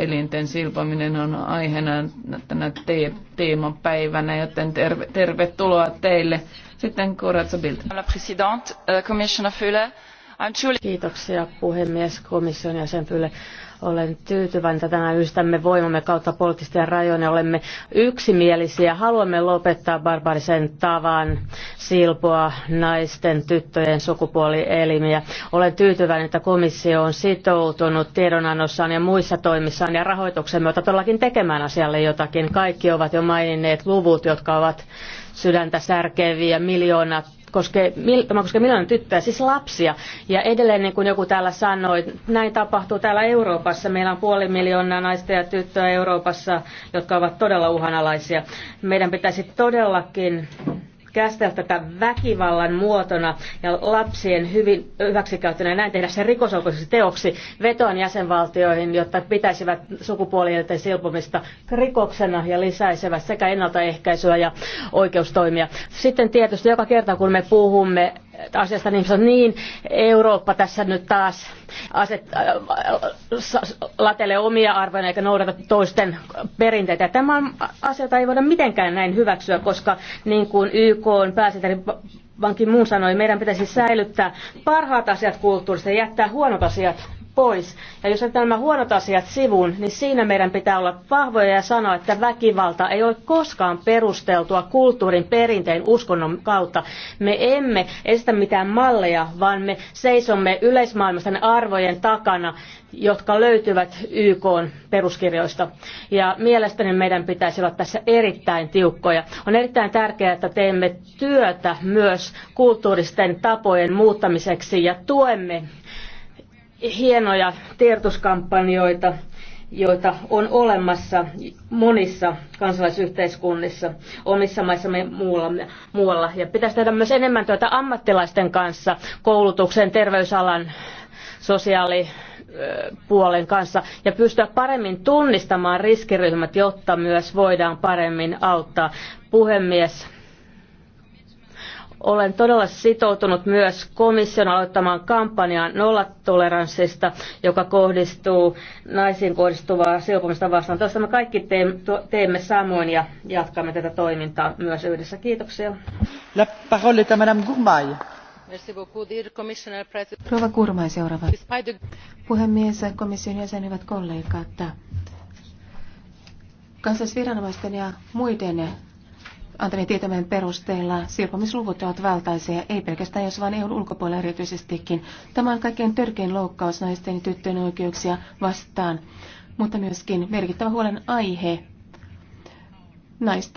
elinten silpominen on aiheena tänä te- teemapäivänä, joten terve- tervetuloa teille. Sitten Corazza Bild. Euh, Kiitoksia puhemies komission jäsen Fylle. Olen tyytyväinen, että tänään yhdistämme voimamme kautta poliittisten rajojen olemme yksimielisiä. Haluamme lopettaa barbarisen tavan silpoa naisten, tyttöjen sukupuolielimiä. Olen tyytyväinen, että komissio on sitoutunut tiedonannossaan ja muissa toimissaan ja rahoituksen myötä todellakin tekemään asialle jotakin. Kaikki ovat jo maininneet luvut, jotka ovat sydäntä särkeviä, miljoonat koskee, tämä koskee miljoonan tyttöä, siis lapsia. Ja edelleen, niin kuin joku täällä sanoi, näin tapahtuu täällä Euroopassa. Euroopassa. Meillä on puoli miljoonaa naista ja tyttöä Euroopassa, jotka ovat todella uhanalaisia. Meidän pitäisi todellakin käsitellä tätä väkivallan muotona ja lapsien hyvin hyväksikäyttönä ja näin tehdä sen rikosoikeudelliseksi teoksi vetoan jäsenvaltioihin, jotta pitäisivät sukupuolielten silpomista rikoksena ja lisäisivät sekä ennaltaehkäisyä ja oikeustoimia. Sitten tietysti joka kerta kun me puhumme asiasta niin, niin Eurooppa tässä nyt taas aset, äh, latelee omia arvoja eikä noudata toisten perinteitä. Tämä on, asioita ei voida mitenkään näin hyväksyä, koska niin kuin YK on pääsihteeri Ban Ki-moon sanoi, meidän pitäisi säilyttää parhaat asiat kulttuurista ja jättää huonot asiat pois. Ja jos jätetään nämä huonot asiat sivuun, niin siinä meidän pitää olla vahvoja ja sanoa, että väkivalta ei ole koskaan perusteltua kulttuurin, perinteen, uskonnon kautta. Me emme esitä mitään malleja, vaan me seisomme yleismaailmasta arvojen takana, jotka löytyvät YK peruskirjoista. Ja mielestäni meidän pitäisi olla tässä erittäin tiukkoja. On erittäin tärkeää, että teemme työtä myös kulttuuristen tapojen muuttamiseksi ja tuemme hienoja tiedotuskampanjoita, joita on olemassa monissa kansalaisyhteiskunnissa, omissa maissamme muualla, muualla. Ja pitäisi tehdä myös enemmän työtä ammattilaisten kanssa, koulutuksen, terveysalan, sosiaali puolen kanssa ja pystyä paremmin tunnistamaan riskiryhmät, jotta myös voidaan paremmin auttaa. Puhemies, olen todella sitoutunut myös komission aloittamaan kampanjaan nollatoleranssista, joka kohdistuu naisiin kohdistuvaa silpomista vastaan. Tässä me kaikki teemme samoin ja jatkamme tätä toimintaa myös yhdessä. Kiitoksia. La parole est à Madame Gourmay. Kurmai seuraava. Puhemies, komission jäsen, hyvät kollegat. Kansallisviranomaisten ja muiden antamien tietojen perusteella silpomisluvut ovat valtaisia, ei pelkästään jos vain EUn ulkopuolella erityisestikin. Tämä on kaikkein törkein loukkaus naisten ja tyttöjen oikeuksia vastaan, mutta myöskin merkittävä huolen aihe naisten